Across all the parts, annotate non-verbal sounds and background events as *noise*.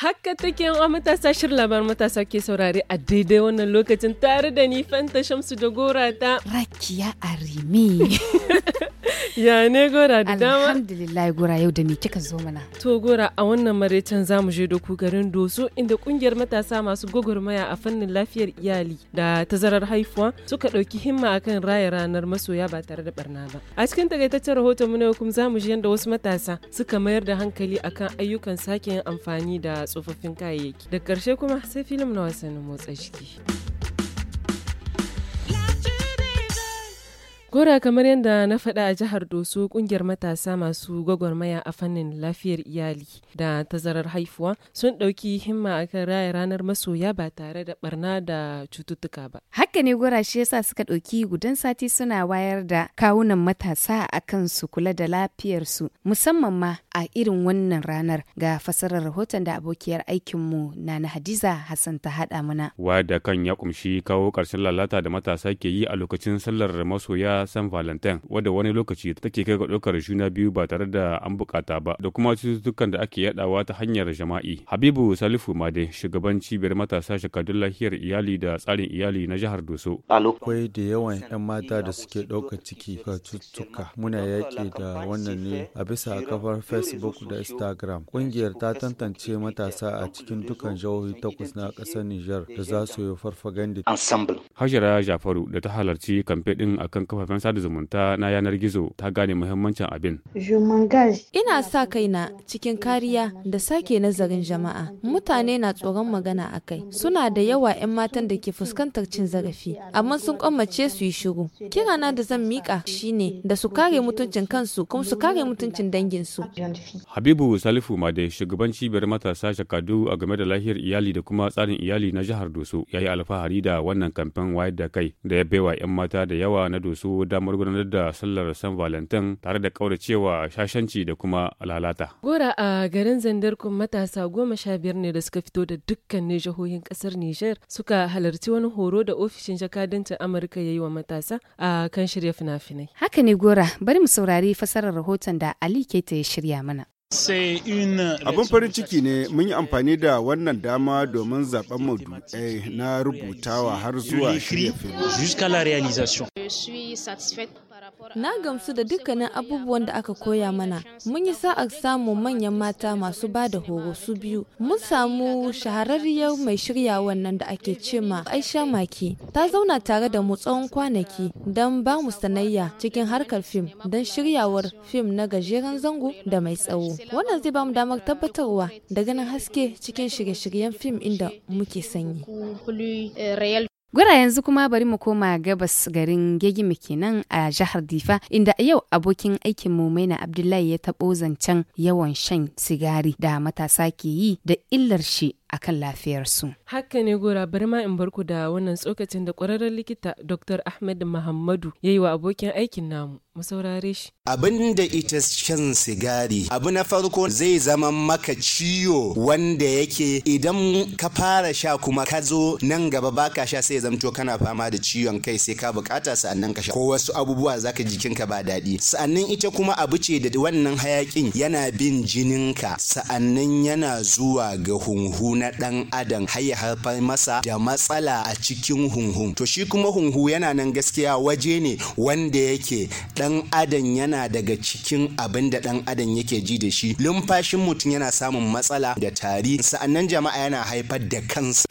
Haka take yan matasa shirin labar matasa ke saurare a daidai wannan lokacin tare da ni Fanta Shamsu da Gora ta Rakiya Arimi. *laughs* ya ne gora da dama alhamdulillah gora yau da ni kika zo mana to gora a wannan maraicen mu je da ku garin doso inda kungiyar matasa masu gwagwarmaya a fannin lafiyar iyali da tazarar haifuwa suka ɗauki himma akan raya ranar masoya ba tare da barna ba a cikin takaitaccen rahoton mu na yau kuma zamu je yadda wasu matasa suka mayar da hankali akan ayyukan sake yin amfani da tsofaffin kayayyaki da ƙarshe kuma sai filim na wasannin motsa jiki. Gora kamar yadda na faɗa a jihar Doso kungiyar matasa masu gwagwarmaya a fannin lafiyar iyali da tazarar haifuwa sun ɗauki himma akan raya ranar masoya ba tare da barna da cututtuka ba. Haka ne gora shi yasa suka ɗauki gudan sati suna wayar da kawunan matasa akan su kula da lafiyarsu musamman ma a irin wannan ranar ga fasarar rahoton da abokiyar aikinmu na na Hadiza Hassan ta haɗa mana. Wa da kan ya kumshi kawo ƙarshen lalata da matasa ke yi a lokacin sallar masoya san valentin wadda wani lokaci take kai ga ɗaukar juna biyu ba tare da an bukata ba da kuma cututtukan da ake yadawa ta hanyar jama'i habibu salifu made shugaban cibiyar matasa shakadun lafiyar iyali da tsarin iyali na jihar doso akwai da yawan 'yan mata da suke ɗaukar ciki ga cututtuka muna yaƙi da wannan ne a bisa kafar facebook da instagram ƙungiyar ta tantance matasa a cikin dukkan jihohi takwas na ƙasar nijar da za su yi farfaganda hajara jafaru da ta halarci kamfe ɗin akan kafafen kafafen sada zumunta na yanar gizo ta gane muhimmancin abin. Ina sa kaina cikin kariya da sake nazarin jama'a. Mutane na tsoron magana a kai. Suna da yawa 'yan matan da ke fuskantar cin zarafi, amma sun kwamace su yi shiru. Kirana da zan miƙa shine da su kare mutuncin kansu kuma su kare mutuncin danginsu. Habibu Salifu Made, shugaban cibiyar matasa shakadu a game da lahiyar iyali da kuma tsarin iyali na jihar Doso, ya yi alfahari da wannan kamfen wayar da kai da ya baiwa 'yan mata da yawa na Doso samu damar gudanar da sallar San Valentin tare da kauracewa shashanci da kuma lalata. Gora a garin Zandar kun matasa goma sha biyar ne da suka fito da dukkanin jihohin kasar niger suka halarci wani horo da ofishin jakadancin Amurka ya yi wa matasa a kan shirya fina-finai. Haka ne Gora, bari mu saurari fasarar rahoton da Ali Keta ya shirya mana. Abin farin ciki ne mun yi amfani da wannan dama domin zaben mu na rubutawa har zuwa shirya fim. Na gamsu da dukkanin abubuwan da aka koya mana. Mun yi sa'ar samun manyan mata masu ba da horo su biyu. Mun samu shahararriyar mai shirya wannan da ake ce ma Aisha Maki. Ta zauna tare da mu tsawon kwanaki don ba mu sanayya cikin harkar fim don shiryawar fim na gajeren zango da mai tsawo. Wannan zai ba mu damar tabbatarwa da ganin haske cikin shirye-shiryen fim inda muke sanyi. Gura yanzu kuma bari mu koma gabas garin Gegime kenan a jihar Difa inda yau abokin aikin mu Maina Abdullahi ya taɓo zancen yawan shan sigari da matasa ke yi da illar shi akan lafiyarsu. Haka ne gora bari ma in barku da wannan tsokacin da kwararren likita Dr. Ahmed Muhammadu ya yi wa abokin aikin namu. Mu saurare shi. Abin da ita shan sigari abu na farko zai zama maka ciwo wanda yake idan ka fara sha kuma ka zo nan gaba baka sha sai zamto kana fama da ciwon kai sai ka bukata sa'annan ka sha ko wasu abubuwa zaka jikinka ba daɗi sa'annan ita kuma abu ce da wannan hayakin yana bin jininka sa'annan yana zuwa ga hunhuna. na ɗan adam har ya haifar masa da matsala a cikin hunhu to shi kuma hunhu yana nan gaskiya waje ne wanda yake ɗan adam yana daga cikin abin da ɗan adam yake ji da shi lumfashin mutum yana samun matsala da tari sa'annan jama'a yana haifar da kansa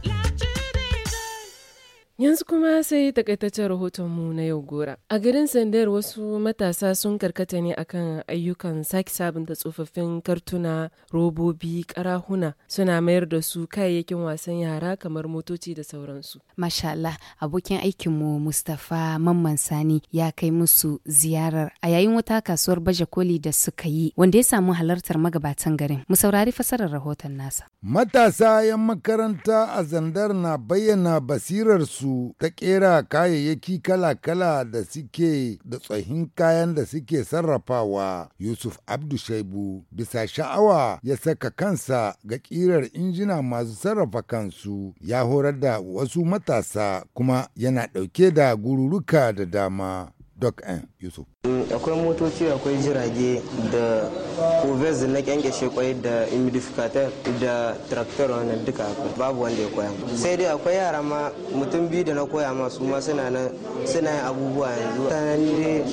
Yanzu kuma sai takaitaccen rahotonmu na yau gora. A garin Sandar wasu matasa sun karkata ne akan ayyukan sake sabunta tsofaffin kartuna, robobi, karahuna suna mayar da su kayayyakin wasan yara kamar motoci da sauransu. Mashallah, abokin aikinmu Mustapha Mamman Sani ya kai musu ziyarar a yayin wata kasuwar baje koli da suka yi wanda ya samu halartar magabatan garin. Mu saurari fasarar rahoton nasa. Matasa 'yan makaranta a Zandar na bayyana basirar su su ta kera kayayyaki kala-kala da suke da tsohin kayan da suke sarrafawa Yusuf Abdu Shaibu bisa sha'awa ya saka kansa ga kirar injina masu sarrafa kansu ya horar da wasu matasa kuma yana ɗauke da gururuka da dama. Doc N. Yusuf. Akwai motoci akwai jirage da covers na kyankyashe kwai da humidificator da tractor wani duka babu wanda ya koya sai dai akwai yara ma mutum biyu da na koya ma su ma suna nan suna yin abubuwa yanzu sanan dai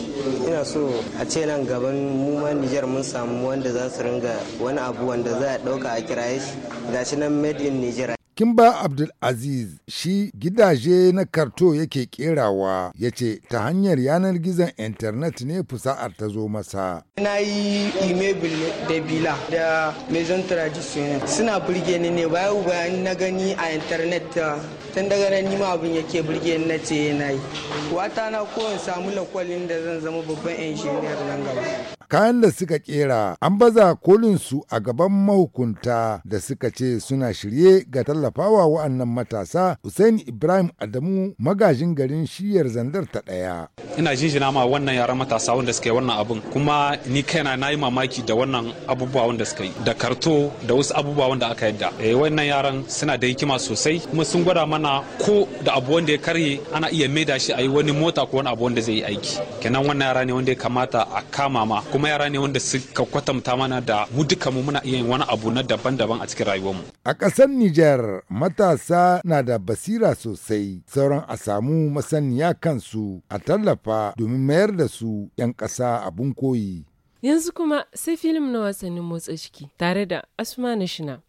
ina so a ce nan gaban mu ma Niger mun samu wanda za su ringa wani abu wanda za a dauka a kiraye shi gashi nan made in Kimba Abdulaziz shi gidaje na karto yake kerawa ya ce ta hanyar yanar gizon intanet ne fusa'ar ta zo masa. Na yi imebul da bila da maison traditionnel suna burge ni ne bayan bayan na gani a intanet tun daga nan nima abin yake burge ni na ce na yi. Wata na kowane samu lakwalin da zan zama babban injiniyar nan gaba. kayan da suka kera an baza kolinsu a gaban mahukunta da suka ce suna shirye ga tallafa tallafawa wa'annan matasa Hussein Ibrahim Adamu magajin garin shiyar zandar ta ɗaya. Ina jinjina ma wannan yaran matasa wanda suka yi wannan abun kuma ni kaina na yi mamaki da wannan abubuwa wanda suka yi da karto da wasu abubuwa wanda aka yadda. E, wannan yaran suna da hikima sosai kuma sun gwada mana ko da abu wanda ya karye ana iya maida shi a yi wani mota ko wani abu wanda zai yi aiki. Kenan wannan yara ne wanda ya kamata a kama ma kuma yara ne wanda suka kwatanta mana da mu duka mu muna iya yin wani abu na daban-daban a cikin mu. A ƙasar Nijar matasa na da basira sosai sauran a samu masaniya kansu a tallafa domin mayar da su 'yan ƙasa abun koyi. Yanzu kuma sai filim na wasannin motsa ciki tare da Asma Shina.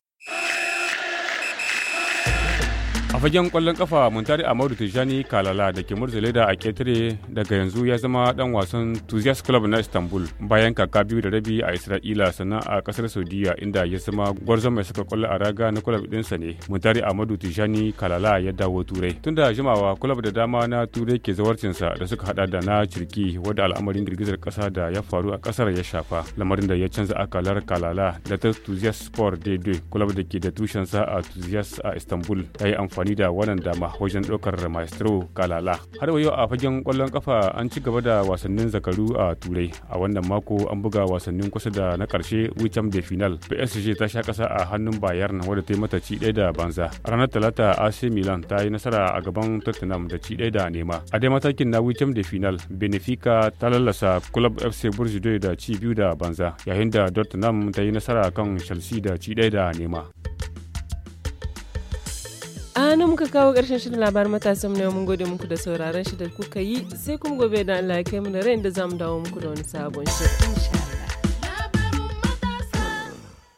a fagen kwallon kafa muntari amadu tijani kalala da ke murzale da a ketare daga yanzu ya zama dan wasan tuzias club na istanbul bayan kaka biyu da rabi a isra'ila sannan a kasar saudiya inda ya zama gwarzon mai saka kwallo a raga na kulab dinsa ne muntari amadu tijani kalala ya dawo turai tun da jimawa club da dama na turai ke zawarcinsa da suka hada da na turki wadda al'amarin girgizar kasa da ya faru a kasar ya shafa lamarin da ya canza akalar kalala da ta tuzias sport daidai club da ke da tushensa a tuzias a istanbul ya yi amfani amfani da wannan dama wajen ɗaukar maestro kalala har yau a fagen kwallon kafa an ci gaba da wasannin zakaru a turai a wannan mako an buga wasannin kusa da na karshe wicam de final psg ta sha ƙasa a hannun bayern wadda ta yi mata ci ɗaya da banza ranar talata ac milan ta yi nasara a gaban tottenham da ci ɗaya da nema a dai matakin na wicam da final benefica ta lalasa club fc burjidoy da ci biyu da banza yayin da tottenham ta yi nasara kan chelsea da ci ɗaya da nema a muka kawo ƙarshen shirin labar matasan na yau mun gode muku da sauraron shi da kuka yi sai kuma gobe da Allah ya kai mu da rain da zamu dawo muku da wani sabon shirin